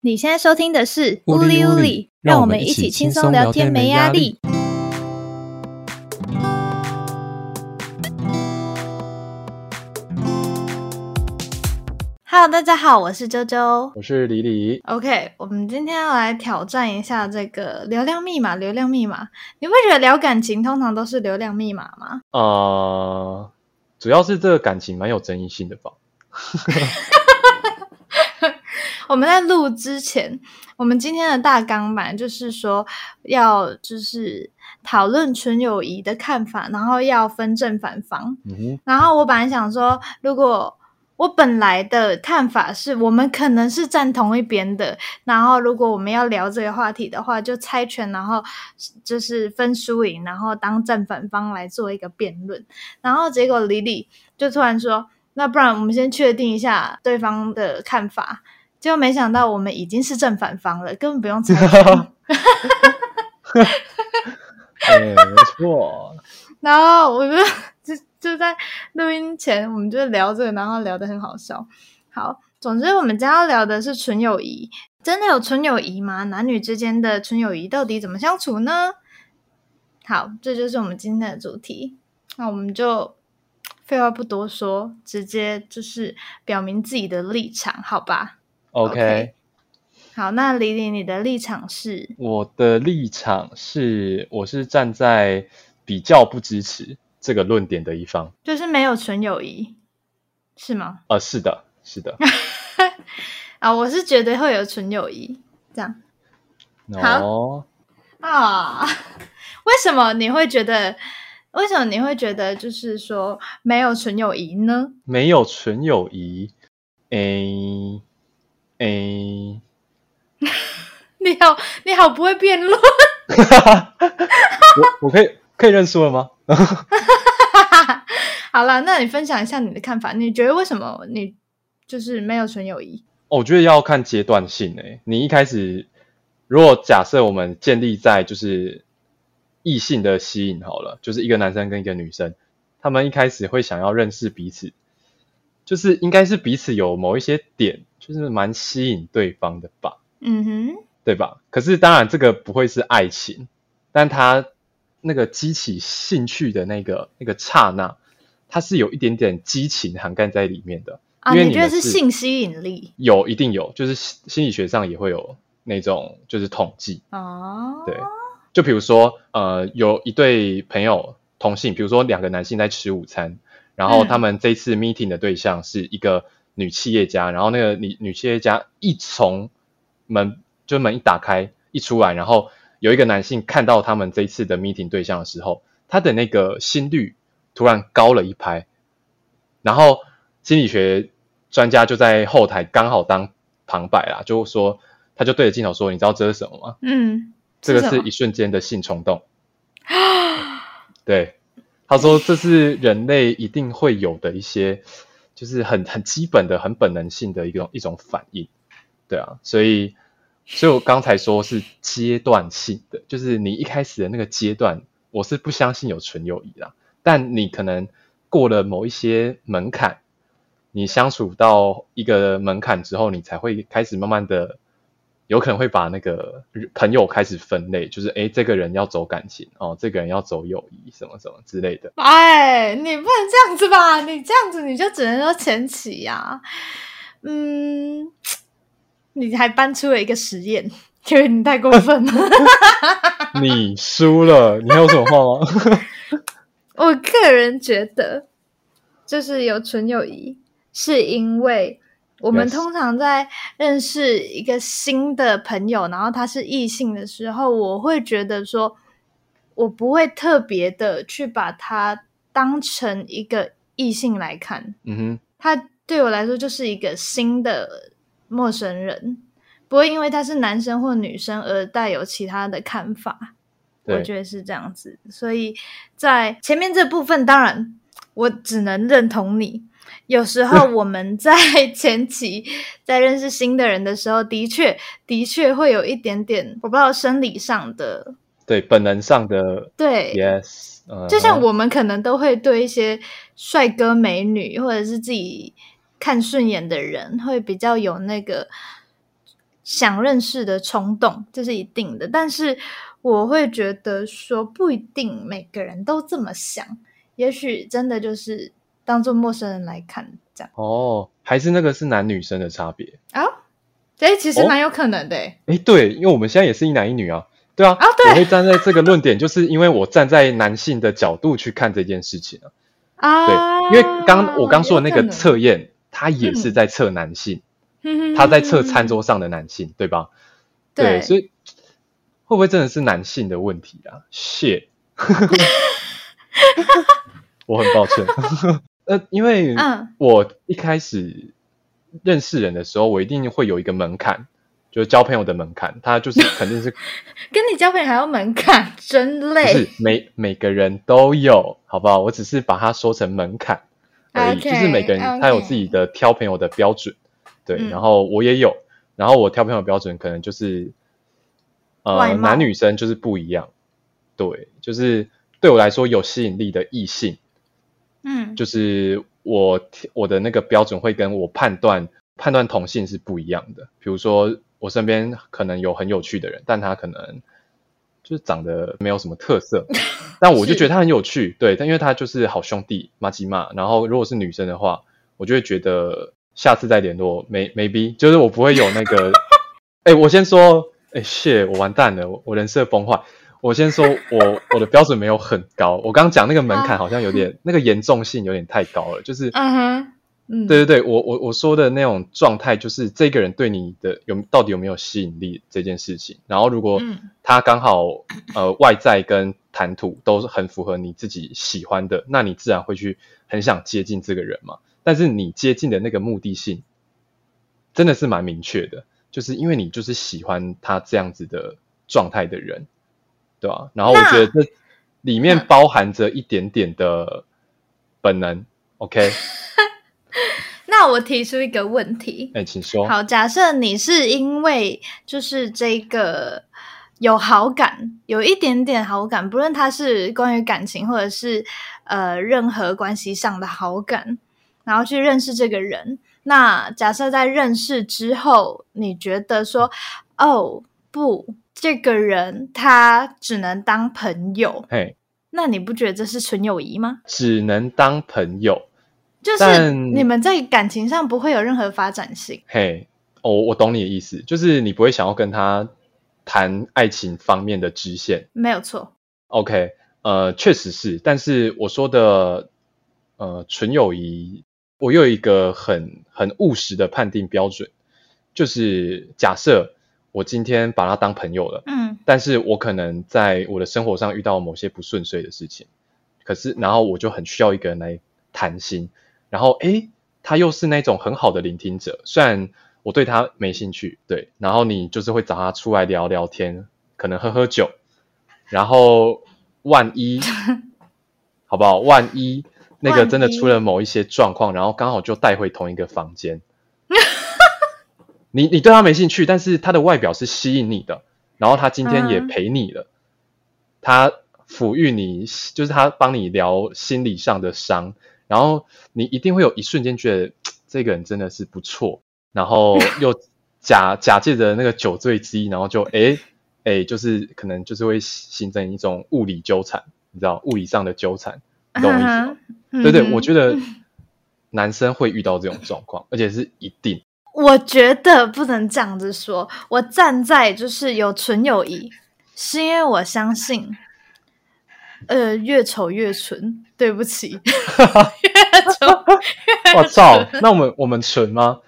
你現在收聽的是嗚哩嗚哩，讓我們一起輕鬆聊天沒，聊天沒壓力。Hello，大家好，我是啾啾，我是李李。OK，我們今天要來挑戰一下這個流量密碼。流量密碼，你不覺得聊感情通常都是流量密碼嗎？哦、呃，主要是這個感情蠻有爭議性的吧。 我們在錄之前，我們今天的大綱本來就是說要就是討論純友誼的看法，然後要分正反方，嗯。然後我本來想說，如果我本來的看法是我們可能是站同一邊的，然後如果我們要聊這個話題的話，就猜拳，然後就是分輸贏，然後當正反方來做一個辯論。然後結果李李就突然說：“那不然我們先確定一下對方的看法。”結果沒想到我們已經是正反方了，根本不用猜。嗯、 欸，沒錯。 然後，我們就就，就在錄音前，我們就聊這個，然後聊得很好笑。好，總之我們今天要聊的是純友誼，真的有純友誼嗎？男女之間的純友誼到底怎麼相處呢？好，這就是我們今天的主題。那我們就廢話不多說，直接就是表明自己的立場，好吧？Okay. OK，好，那李李，你的立場是？我的立場是，我是站在比較不支持這個論點的一方，就是沒有純友誼，是嗎？呃，是的，是的。 啊，我是覺得會有純友誼，這樣。哦、no. 好，啊，為什麼你會覺得？為什麼你會覺得？就是說沒有純友誼呢？沒有純友誼，哎、欸。哎、欸， 你好，你好，不會辯論。 我我可以可以認輸了嗎？ 好啦，那你分享一下你的看法。你覺得為什麼你就是沒有純友誼？我覺得要看階段性誒、欸。你一開始，如果假設我們建立在就是異性的吸引，好了，就是一個男生跟一個女生，他們一開始會想要認識彼此，就是應該是彼此有某一些點。就是蠻吸引對方的吧，嗯哼，對吧？可是當然這個不會是愛情，但他那個激起興趣的那個那個剎那，它是有一點點激情涵蓋在裡面的啊。因為你是，你覺得是性吸引力，有一定有，就是心理學上也會有那種就是統計啊。對，就比如說呃，有一對朋友同性，比如說兩個男性在吃午餐，然後他們這次 meeting 的對象是一個。嗯女企業家，然後那個女女企業家一從門就門一打開一出來，然後有一個男性看到他們這一次的 meeting 對象的時候，他的那個心率突然高了一拍，然後心理學專家就在後台剛好當旁白啦，就說他就對着鏡頭說：“你知道這是什麼嗎？”嗯，這個是一瞬間的性衝動啊。對，他說這是人類一定會有的一些。就是很很基本的，很本能性的一種一種反應，對啊，所以所以我剛才說是階段性的，就是你一開始的那個階段，我是不相信有純友誼啦，但你可能過了某一些門檻，你相處到一個門檻之後，你才會開始慢慢的。有可能會把那個朋友開始分類，就是，誒，這個人要走感情哦，這個人要走友誼什麼什麼之類的。哎，你不能這樣子吧？你這樣子你就只能說前妻呀，啊。嗯，你還搬出了一個實驗，因為你太過分了。 你輸了，你還有什麼話嗎？ 我個人覺得，就是有純友誼，是因為。我們通常在認識一個新的朋友，Yes. 然後他是異性的時候，我會覺得說，我不會特別的去把他當成一個異性來看。嗯哼，他對我來說就是一個新的陌生人，不會因為他是男生或女生而帶有其他的看法。我覺得是這樣子，所以在前面這部分，當然我只能認同你。 有時候我們在前期在認識新的人的時候，的確的確會有一點點我不知道生理上的，對本能上的，對，yes，呃，就像我們可能都會對一些帥哥美女或者是自己看順眼的人會比較有那個想認識的衝動，這是一定的。但是我會覺得說不一定每個人都這麼想，也許真的就是。當做陌生人來看，這樣哦，還是那個是男女生的差別啊？哎、欸，其實蠻有可能的，欸。哎、哦欸，對，因為我們現在也是一男一女啊，對啊，啊，對。我會站在這個論點，就是因為我站在男性的角度去看這件事情啊。啊，對，因為剛我剛說的那個測驗，啊，他也是在測男性，嗯，他在測餐桌上的男性，嗯嗯對吧？對，對，所以會不會真的是男性的問題啊？謝 我很抱歉。 呃，因為我一開始認識人的時候、嗯，我一定會有一個門檻，就是交朋友的門檻。他就是肯定是 跟你交朋友還要門檻，真累。是每每個人都有，好不好？我只是把它說成門檻而已。Okay, 就是每個人他有自己的挑朋友的標準，okay. 對、嗯。然後我也有，然後我挑朋友的標準可能就是呃，男女生就是不一樣。對，就是對我來說有吸引力的異性。嗯，就是我我的那個標準會跟我判斷判斷同性是不一樣的。比如說我身邊可能有很有趣的人，但他可能就是長得沒有什麼特色，但我就覺得他很有趣。 對，但因為他就是好兄弟瑪奇瑪。然後如果是女生的話，我就會覺得下次再聯絡，maybe 就是我不會有那個。哎、 欸，我先說，哎、欸，謝，我完蛋了，我人設崩壞。我先說，我我的標準沒有很高。我剛講那個門檻好像有點 那個嚴重性有點太高了，就是，嗯哼，對對對，我我我說的那種狀態，就是這個人對你的有到底有沒有吸引力這件事情。然後如果他剛好，uh-huh. 呃外在跟談吐都很符合你自己喜歡的，那你自然會去很想接近這個人嘛。但是你接近的那個目的性真的是蠻明確的，就是因為你就是喜歡他這樣子的狀態的人。對啊，然後我覺得這裡面包含着一點點的本能那，嗯，OK？ 那我提出一個問題，哎，欸，請說。好，假設你是因為就是這個有好感，有一點點好感，不論他是關於感情或者是呃任何關係上的好感，然後去認識這個人。那假設在認識之後，你覺得說，哦，不。這個人他只能當朋友，嘿，那你不覺得這是純友誼嗎？只能當朋友，就是你們在感情上不會有任何發展性。嘿，哦，我懂你的意思，就是你不會想要跟他談愛情方面的支線，沒有錯。OK，呃，確實是，但是我說的呃純友誼，我有一個很很務實的判定標準，就是假設。我今天把他當朋友了，嗯，但是我可能在我的生活上遇到某些不順遂的事情，可是然後我就很需要一個人來談心，然後誒，他又是那種很好的聆聽者，雖然我對他沒興趣，對，然後你就是會找他出來聊聊天，可能喝喝酒，然後萬一， 好不好？萬一那個真的出了某一些狀況，然後剛好就帶回同一個房間。你你對他沒興趣，但是他的外表是吸引你的，然後他今天也陪你了，啊，他撫育你，就是他幫你療心理上的傷，然後你一定會有一瞬間覺得這個人真的是不錯，然後又假 假借着那個酒醉之意，然後就誒誒，誒，就是可能就是會形成一種物理糾纏，你知道物理上的糾纏，懂我意思嗎？嗯？對對，我覺得男生會遇到這種狀況，嗯，而且是一定。我覺得不能這樣子說，我站在就是有純友誼，是因為我相信，呃，越醜越純，對不起， 越醜越我操，那我們我們純嗎？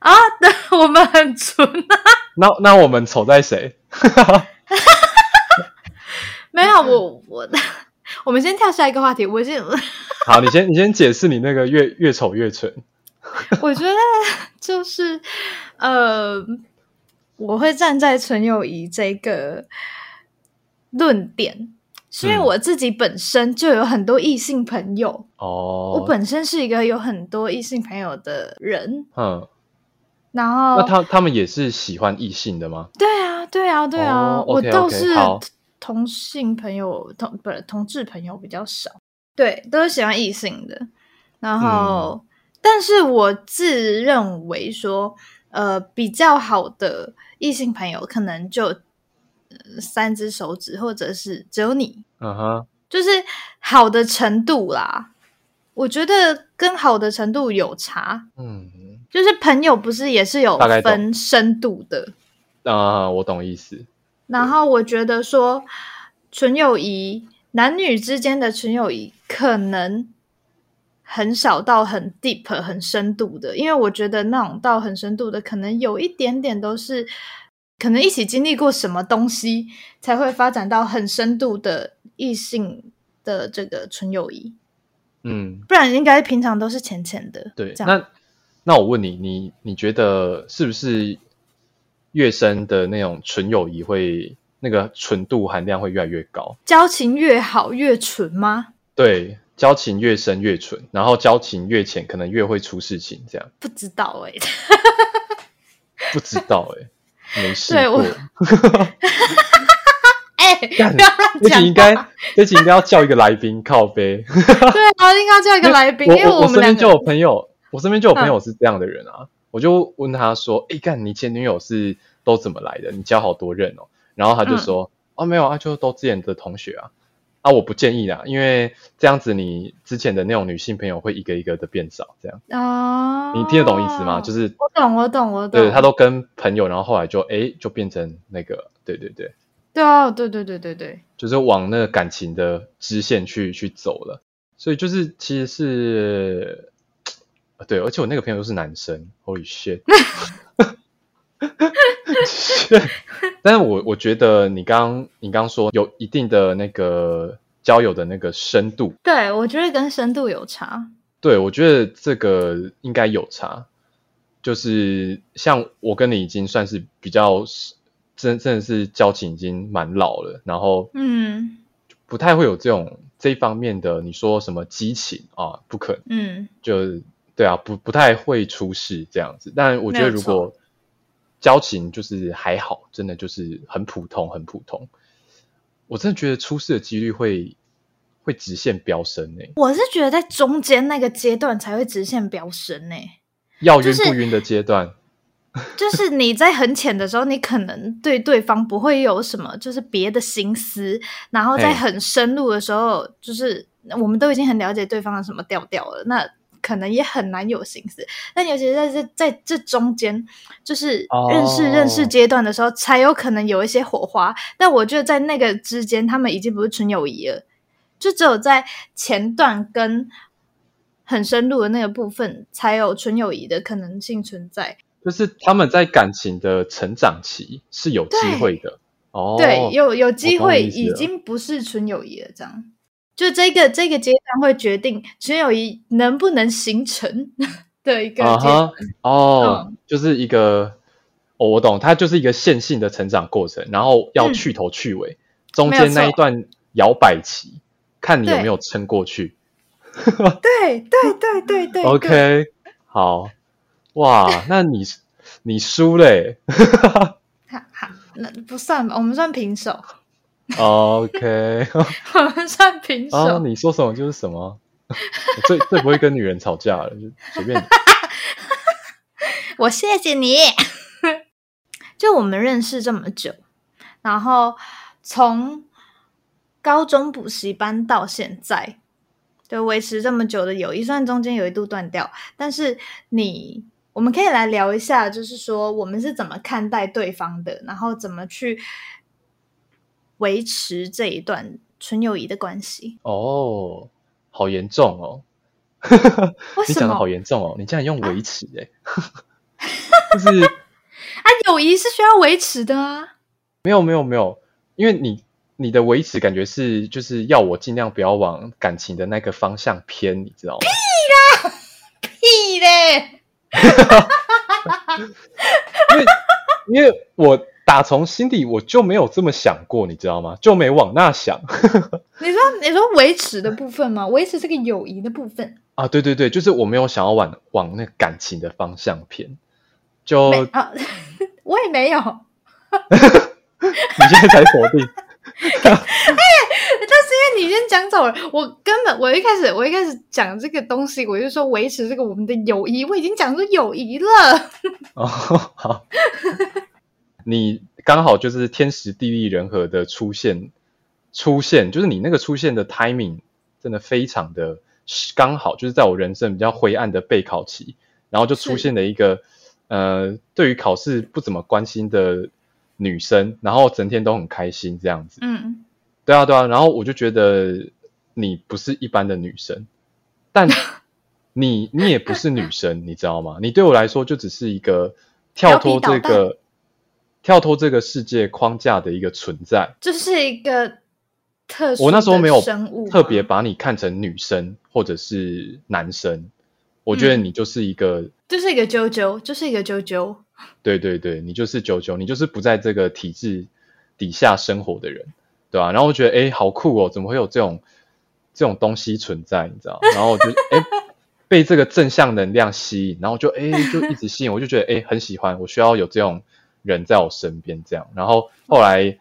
啊，對，我們很純啊。那那我們醜在誰？ 沒有我我，我們先跳下一個話題。我先 好，你先你先解釋你那個越越醜越純。 我覺得就是，呃，我會站在純友誼這個論點，是因為我自己本身就有很多異性朋友、嗯、哦，我本身是一個有很多異性朋友的人，嗯，然後那他他們也是喜歡異性的嗎？對啊，對啊，對啊，哦、我都是同性朋友、哦、同不同志朋友比較少，對，都是喜歡異性的，然後。嗯但是我自認為說，呃，比較好的異性朋友可能就、呃、三隻手指，或者是只有你，嗯哼，就是好的程度啦。我覺得跟好的程度有差，嗯、uh-huh，就是朋友不是也是有分深度的，啊、uh-huh，我懂意思。然後我覺得說，純友誼，男女之間的純友誼可能。很少到很 deep、很深度的，因為我覺得那種到很深度的，可能有一點點都是可能一起經歷過什麼東西才會發展到很深度的異性的這個純友誼。嗯，不然應該平常都是淺淺的。對，那那我問你，你你覺得是不是越深的那種純友誼會那個純度含量會越來越高？交情越好越純嗎？對。交情越深越純，然後交情越淺，可能越會出事情。這樣，不知道哎，不知道哎、欸，不知道欸、 沒試過。哎，不要 欸、亂講。這集應該這集應該要叫一個來賓 靠杯。 對、啊，我應該叫一個來賓。因為我我，我身邊就有朋友我，我身邊就有朋友是這樣的人啊。嗯、我就問他說：“哎、欸，幹你前女友是都怎麼來的？你交好多人哦。”然後他就說：“嗯、哦，沒有啊，就是都之前的同學啊。”啊，我不建議啦，因為這樣子你之前的那種女性朋友會一個一個的變少，這樣啊，oh, 你聽得懂意思嗎？就是我懂，我懂，我懂，對，他都跟朋友，然後後來就哎、欸，就變成那個，對對對，對啊，對對對對對，就是往那個感情的支線去去走了，所以就是其實是，對，而且我那個朋友都是男生，Holy shit 但是，我我覺得你剛你剛說有一定的那個交友的那個深度，對我覺得跟深度有差。對我覺得這個應該有差，就是像我跟你已經算是比較真真的是交情已經蠻老了，然後嗯，不太會有這種這方面的你說什麼激情啊，不可能，嗯，就對啊，不不太會出事這樣子。但我覺得如果。交情就是還好，真的就是很普通，很普通。我真的覺得出事的幾率會會直線飆升呢、欸。我是覺得在中間那個階段才會直線飆升呢、欸，要暈不暈的階段，就是你在很淺的時候， 你可能對對方不會有什麼，就是別的心思。然後在很深入的時候，欸、就是我們都已經很了解對方的什麼調調了。那可能也很難有心思，但尤其是在這在這中間，就是認識認識階段的時候，oh. 才有可能有一些火花。但我覺得在那個之間，他們已經不是純友誼了，就只有在前段跟很深入的那個部分，才有純友誼的可能性存在。就是他們在感情的成長期是有機會的哦，對，oh. 對有有機會，已經不是純友誼了，這樣。就這個這個階段會決定，純友誼能不能形成的一個階段哦，uh -huh. oh, uh. 就是一個、哦、我懂，它就是一個線性的成長過程，然後要去頭去尾，嗯、中間那一段搖擺期，看你有沒有撐過去。對 對對對對，對，OK， 好哇，那你 你輸嘞了、欸，哈。那不算吧，我們算平手。OK， 我們算平手。啊，你說什麼就是什麼， 我最最不會跟女人吵架了， 就隨便。我謝謝你。 就我們認識這麼久，然後從高中補習班到現在，就維持這麼久的友誼，雖然中間有一度斷掉，但是你，我們可以來聊一下，就是說我們是怎麼看待對方的，然後怎麼去。維持這一段純友誼的關係哦，好嚴重哦！ 你講的好嚴重哦，你竟然用維持哎、欸， 就是 啊，友誼是需要維持的啊！沒有沒有沒有，因為你你的維持感覺是就是要我盡量不要往感情的那個方向偏，你知道嗎？屁啦、啊，屁嘞！ 因為因為我。打從心底，我就沒有這麼想過，你知道嗎？就沒往那想。 你說，你說維持的部分嗎？維持這個友誼的部分啊？對對對，就是我沒有想要往往那感情的方向偏。就、啊、我也沒有。 你現在才否定？哎， 但是因為你先講走了，我根本我一開始我一開始講這個東西，我就說維持這個我們的友誼，我已經講出友誼了。 哦，好。 你剛好就是天時地利人和的出現，出現就是你那個出現的 timing 真的非常的剛好，就是在我人生比較灰暗的備考期，然後就出現了一個呃，對於考試不怎麼關心的女生，然後整天都很開心這樣子。嗯，對啊，對啊，然後我就覺得你不是一般的女生，但你 你也不是女生，你知道嗎？你對我來說就只是一個跳脫這個。跳脫這個世界框架的一個存在，就是一個特殊的生物嗎？我那時候沒有特別把你看成女生或者是男生，嗯，我覺得你就是一個，就是一個啾啾，就是一個啾啾。對對對，你就是啾啾，你就是不在這個體制底下生活的人，對吧、啊？然後我覺得，哎，好酷哦，怎麼會有這種這種東西存在？你知道？然後我就哎， 被這個正向能量吸引，然後就哎，就一直吸引，我就覺得哎，很喜歡，我需要有這種。人在我身邊這樣，然後後來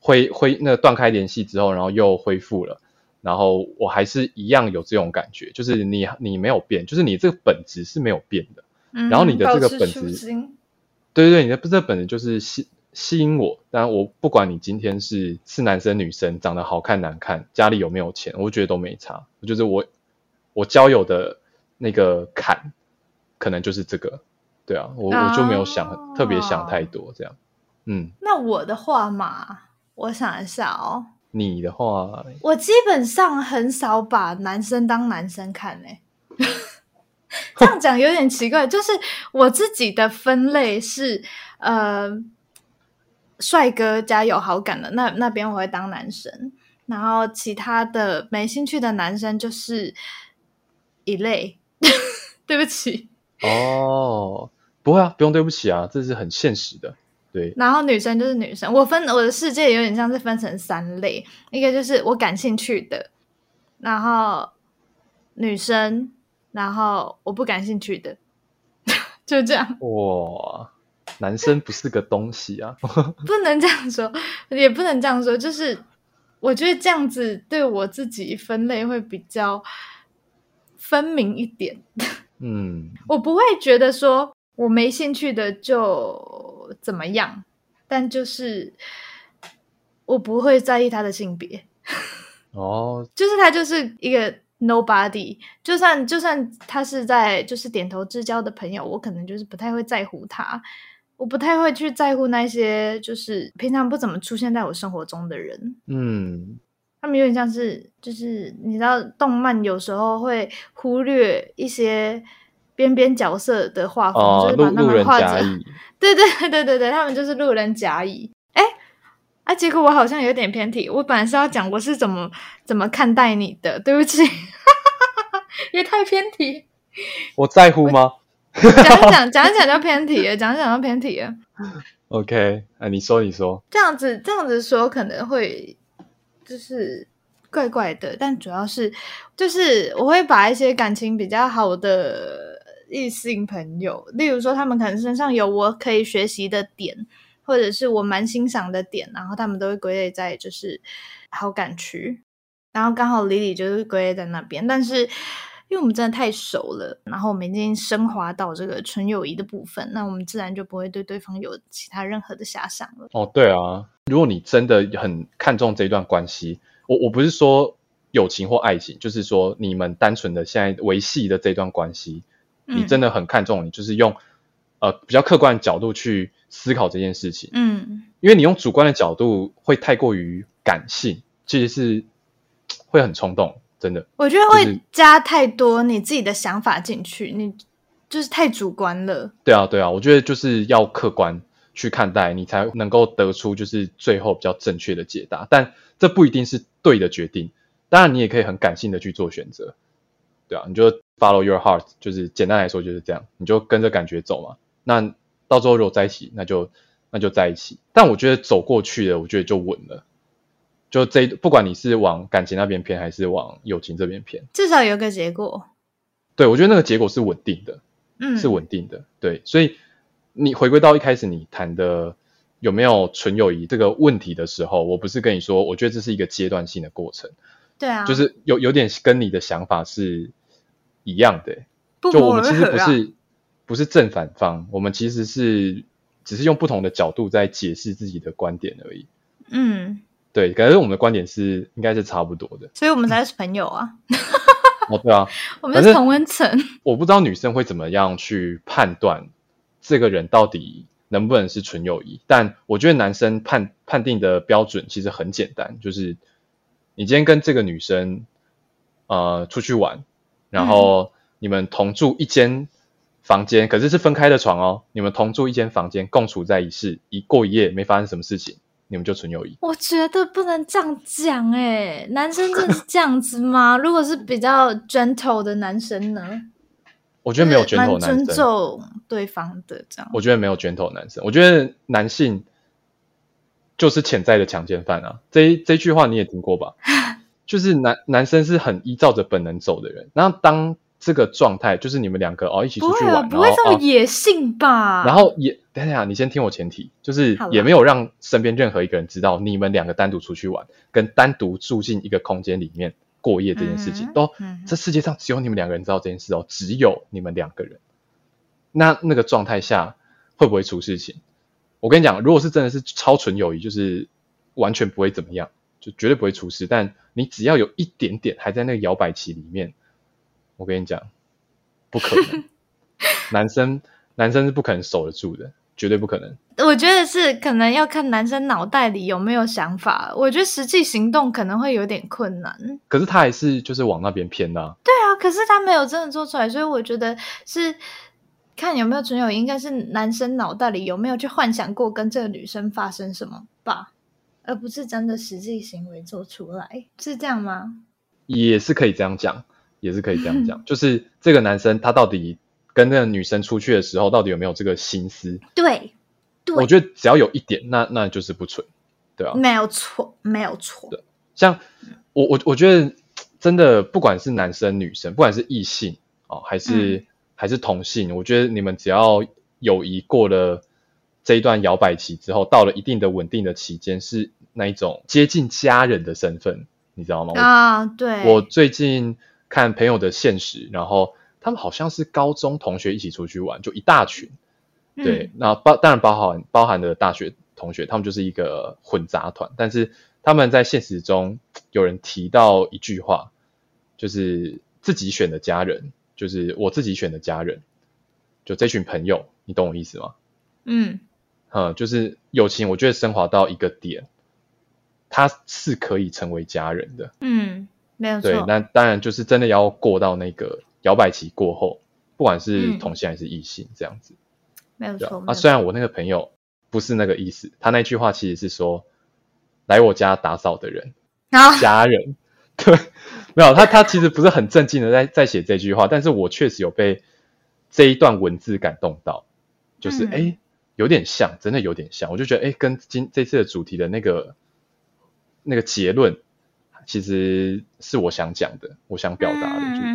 恢恢那斷開聯繫之後，然後又恢復了，然後我還是一樣有這種感覺，就是你你沒有變，就是你這個本質是沒有變的，嗯，然後你的這個本質，對對對，你的、這個、本質就是吸吸引我，但我不管你今天是是男生女生，長得好看難看，家裡有沒有錢，我覺得都沒差，就是我我交友的那個坎，可能就是這個。對啊，我我就沒有想、uh-oh. 特別想太多這樣，嗯。那我的話嘛，我想一下哦。你的話，我基本上很少把男生當男生看呢、欸。 這樣講有點奇怪， 就是我自己的分類是，呃，帥哥加有好感的那那邊我會當男生；然後其他的沒興趣的男生就是一類。 對不起。哦、oh.。不會啊，不用對不起啊，這是很現實的。對，然後女生就是女生，我分我的世界有點像是分成三類，一個就是我感興趣的，然後女生，然後我不感興趣的， 就這樣。哇，男生不是個東西啊！ 不能這樣說，也不能這樣說，就是我覺得這樣子對我自己分類會比較分明一點。 嗯，我不會覺得說。我沒興趣的就怎麼樣，但就是我不會在意他的性別。哦、 oh.，就是他就是一個 nobody，就算就算他是在就是點頭之交的朋友，我可能就是不太會在乎他，我不太會去在乎那些就是平常不怎麼出現在我生活中的人。嗯、mm.，他們有點像是就是你知道，動漫有時候會忽略一些。邊邊角色的畫風、哦、就是把他們畫着，對對對對對，他們就是路人甲乙。哎、欸，啊，結果我好像有點偏題，我本來是要講我是怎麼怎麼看待你的，對不起， 也太偏題。我在乎嗎？講一講，講一講叫偏題，講一講叫偏題。 OK，哎、啊，你說，你說，這樣子這樣子說可能會就是怪怪的，但主要是就是我會把一些感情比較好的。異性朋友，例如說他們可能身上有我可以學習的點，或者是我蠻欣賞的點，然後他們都會歸類在就是好感區，然後剛好李李就是歸類在那邊，但是因為我們真的太熟了，然後我們已經升華到這個純友誼的部分，那我們自然就不會對對方有其他任何的遐想了。哦，對啊，如果你真的很看重這段關係，我我不是說友情或愛情，就是說你們單純的現在維繫的這段關係。你真的很看重，嗯，你就是用呃比較客觀的角度去思考這件事情。嗯，因為你用主觀的角度會太過於感性，其實是會很衝動，真的。我覺得會加太多你自己的想法進去，你就是太主觀了。對啊，對啊，我覺得就是要客觀去看待，你才能夠得出就是最後比較正確的解答。但這不一定是對的決定，當然你也可以很感性的去做選擇。對啊，你就 follow your heart，就是簡單來說就是這樣，你就跟着感覺走嘛。那到時候如果在一起，那就那就在一起。但我覺得走過去的，我覺得就穩了。就這，不管你是往感情那邊偏，還是往友情這邊偏，至少有個結果。對，我覺得那個結果是穩定的，嗯，是穩定的。對，所以你回歸到一開始你談的有沒有純友誼這個問題的時候，我不是跟你說，我覺得這是一個階段性的過程。對啊，就是有有點跟你的想法是。一樣的、欸不合而合啊，就我們其實不是不是正反方，我們其實是只是用不同的角度在解釋自己的觀點而已。嗯，對，感覺我們的觀點是應該是差不多的，所以我們才是朋友啊。 哦，對啊，我們是同溫層。我不知道女生會怎麼樣去判斷這個人到底能不能是純友誼， 但我覺得男生判判定的標準其實很簡單，就是你今天跟這個女生呃出去玩。然後你們同住一間房間、嗯，可是是分開的床哦。你們同住一間房間，共處在一室，一過一夜沒發生什麼事情，你們就純友誼？我覺得不能這樣講哎、欸，男生真的是這樣子嗎？ 如果是比較 gentle 的男生呢？我覺得沒有 gentle 的男生，蠻尊重對方的這樣。我覺得沒有 gentle 的男生，我覺得男性就是潛在的強姦犯啊！這一這一句話你也聽過吧？ 就是男男生是很依照着本能走的人，那當這個狀態就是你們兩個哦一起出去玩，我不會、啊、不會這麼野性吧？哦、然後也等一下，你先聽我前提，就是也沒有讓身邊任何一個人知道你們兩個單獨出去玩，跟單獨住進一個空間裡面過夜這件事情，嗯、都、嗯、這世界上只有你們兩個人知道這件事哦，只有你們兩個人。那那個狀態下會不會出事情？我跟你講，如果是真的是超純友誼，就是完全不會怎麼樣。就絕對不會出事，但你只要有一點點還在那個搖擺期裡面，我跟你講，不可能。 男生，男生是不可能守得住的，絕對不可能。我覺得是可能要看男生腦袋裡有沒有想法，我覺得實際行動可能會有點困難。可是他還是就是往那邊偏啦。對啊，可是他沒有真的做出來，所以我覺得是看有沒有純友，應該是男生腦袋裡有沒有去幻想過跟這個女生發生什麼吧。而不是真的實際行為做出來，是這樣嗎？也是可以這樣講，也是可以這樣講、嗯。就是這個男生他到底跟那個女生出去的時候，到底有沒有這個心思？對，對，我覺得只要有一點，那那就是不純，對啊。沒有錯，沒有錯。像我我我覺得真的，不管是男生女生，不管是異性哦，還是、嗯、還是同性，我覺得你們只要友誼過了這一段搖擺期之後，到了一定的穩定的期間是。那一種接近家人的身份，你知道嗎？啊、oh,，對。我最近看朋友的現實，然後他們好像是高中同學一起出去玩，就一大群。嗯、對，那包當然包含包含的大學同學，他們就是一個混雜團。但是他們在現實中有人提到一句話，就是自己選的家人，就是我自己選的家人，就這群朋友，你懂我意思嗎？嗯，啊、嗯，就是友情，我覺得升華到一個點。他是可以成為家人的，嗯，沒有錯，對。那當然就是真的要過到那個搖擺期過後，不管是同性還是異性，嗯、這樣子沒有錯。啊錯，雖然我那個朋友不是那個意思，他那句話其實是說來我家打掃的人，好、啊。家人對， 沒有他，他其實不是很正經的在在寫這句話，但是我確實有被這一段文字感動到，就是哎、嗯，有點像，真的有點像，我就覺得哎，跟今這次的主題的那個。那個結論其實是我想講的，我想表達的，就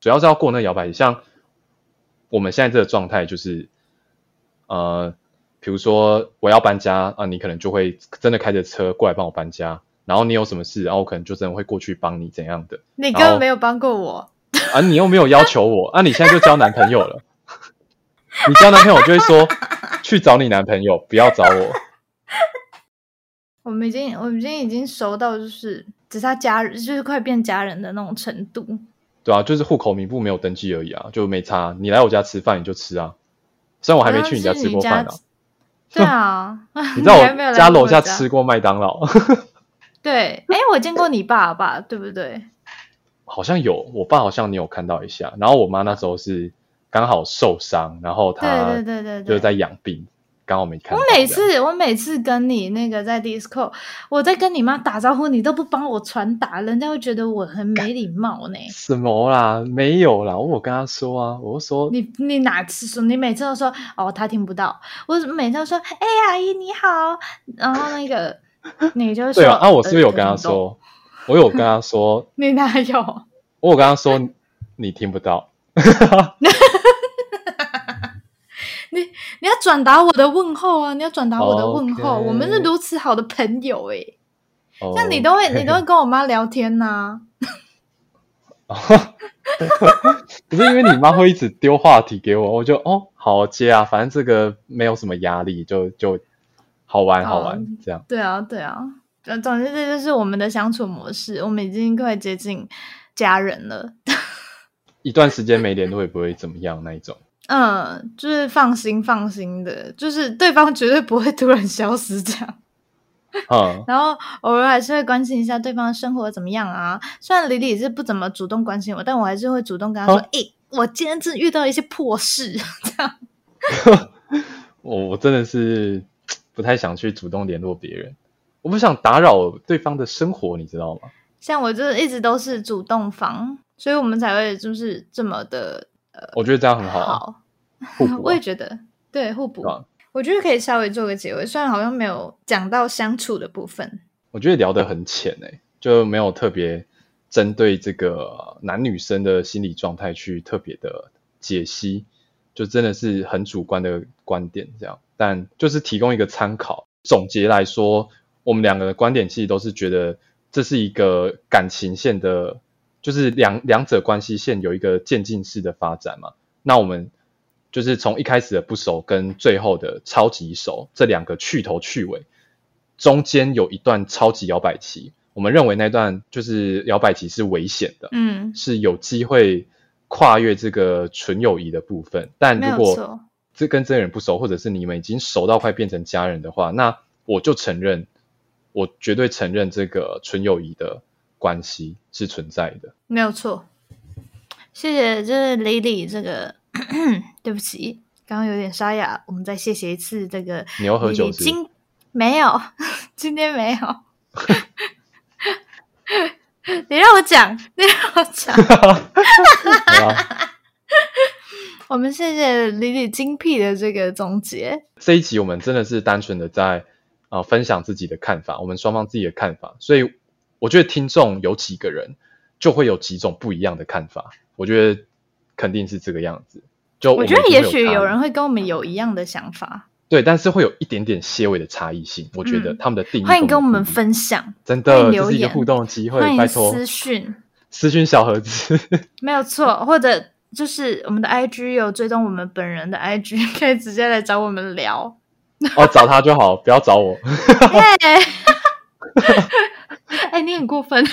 主要是要過那個搖擺。像我們現在這個狀態，就是呃，比如說我要搬家啊，你可能就會真的開着車過來幫我搬家。然後你有什麼事啊，我可能就真的會過去幫你怎樣的。你根本沒有幫過我啊，你又沒有要求我啊，你現在就交男朋友了， 你交男朋友我就會說 去找你男朋友，不要找我。我們已經，我們已經已經熟到就是只差家人，就是快變家人的那種程度。對啊，就是戶口名簿沒有登記而已啊，就沒差。你來我家吃飯，你就吃啊。雖然我還沒去你家吃過飯啊。剛剛飯啊對啊。你在我家樓下吃過麥當勞。 沒有，對，哎，我見過你爸爸，對不對？ 好像有，我爸好像你有看到一下。然後我媽那時候是剛好受傷，然後她對對對對，對，就在養病。剛好沒看，我每次我每次跟你那個在 Discord，我在跟你媽打招呼，你都不幫我傳達，人家會覺得我很沒禮貌呢。什麼啦？沒有啦，我有跟她說啊，我說你你哪次說？你每次都說哦，她聽不到。我每次都說哎呀、欸，阿姨你好，然後那個 你就說對啊。那、啊、我是不是有跟她說？我有跟她說。 你哪有？我有跟她說你聽不到。 轉達我的問候啊！你要轉達我的問候，oh, okay. 我們是如此好的朋友哎，欸。像，oh, okay. 你都會，你都會跟我媽聊天吶，啊。可，oh, okay. 是因為你媽會一直丟話題給我， 我就哦好接啊，反正這個沒有什麼壓力，就就好玩好玩，uh, 這樣。對啊對啊，總之這就是我們的相處模式。我們已經快接近家人了。 一段時間沒聯絡會不會怎麼樣那一種？嗯，就是放心放心的，就是對方絕對不會突然消失這樣。嗯、 然後偶爾還是會關心一下對方的生活怎麼樣啊。雖然李李也是不怎麼主動關心我，但我還是會主動跟他說：“誒、嗯欸，我今天是遇到一些破事。”這樣。我 我真的是不太想去主動聯絡別人，我不想打擾對方的生活，你知道嗎？像我就是一直都是主動方，所以我們才會就是這麼的。我覺得這樣很好，啊好啊，我也覺得，對互補。嗯，我覺得可以稍微做個結尾，雖然好像沒有講到相處的部分，我覺得聊得很淺誒、欸嗯，就沒有特別針對這個男女生的心理狀態去特別的解析，就真的是很主觀的觀點這樣，但就是提供一個參考。總結來說，我們兩個的觀點其實都是覺得這是一個感情線的。就是兩兩者關係線有一個漸進式的發展嘛，那我們就是從一開始的不熟跟最後的超級熟這兩個去頭去尾，中間有一段超級搖擺期，我們認為那段就是搖擺期是危險的，嗯，是有機會跨越這個純友誼的部分，但如果這跟真人不熟，或者是你們已經熟到快變成家人的話，那我就承認，我絕對承認這個純友誼的。關係是存在的，沒有錯。謝謝，這是李李。這個咳咳，對不起，剛剛有點沙啞。我們再謝謝一次，這個你要喝酒嗎？沒有，今天沒有。 你讓我講，你讓我講。 我們謝謝李李精闢的這個總結。這一集我們真的是單純的在啊、呃、分享自己的看法，我們雙方自己的看法，所以。我覺得聽眾有幾個人，就會有幾種不一樣的看法。我覺得肯定是這個樣子。就我，就我覺得，也許有人會跟我們有一樣的想法，對，但是會有一點點些微的差異性，嗯。我覺得他們的定義歡迎跟我們分享，真的，這是一個互動機會。歡迎拜托私訊私訊小盒子，沒有錯，或者就是我們的 IG，有追蹤我們本人的 IG，可以直接來找我們聊。哦，找他就好， 不要找我。 欸 哎、欸，你很過分！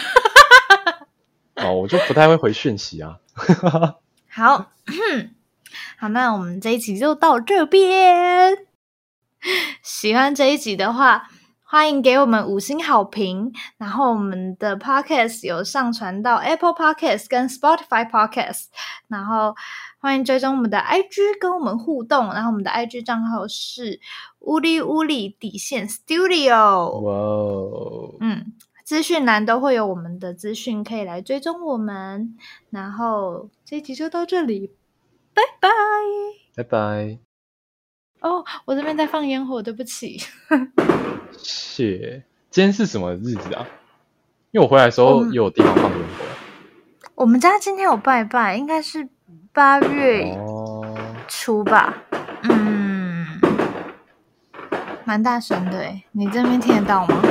哦、 oh，我就不太會回訊息啊。 好 好，那我們這一集就到這邊。 喜歡這一集的話，歡迎給我們五星好評。然後我們的 Podcast 有上傳到 Apple Podcast 跟 Spotify Podcast，然後歡迎追蹤我們的 IG 跟我們互動。然後我們的 IG 賬號是 WuLi WuLi 底線 Studio。哇哦，嗯。資訊欄都會有我們的資訊，可以來追蹤我們。然後這一集就到這裡，拜拜，拜拜。哦，我這邊在放煙火，對不起。謝， 今天是什麼日子啊？因為我回來的時候又有地方放煙火、嗯。我們家今天有拜拜，應該是八月初吧。哦、嗯，蠻大聲的、欸，你這邊聽得到嗎？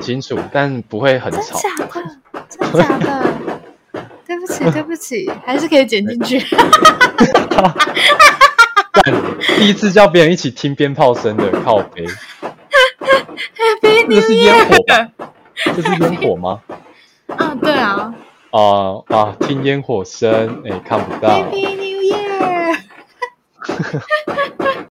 清楚，但不會很吵。真假的？真假的？ 對不起，對不起， 還是可以剪進去 第一次叫別人一起聽鞭炮聲的靠北。 Happy New Year 這是煙火 這是煙火嗎？啊、uh,，對啊。啊、uh, 啊！聽煙火聲，哎，看不到。Happy New Year。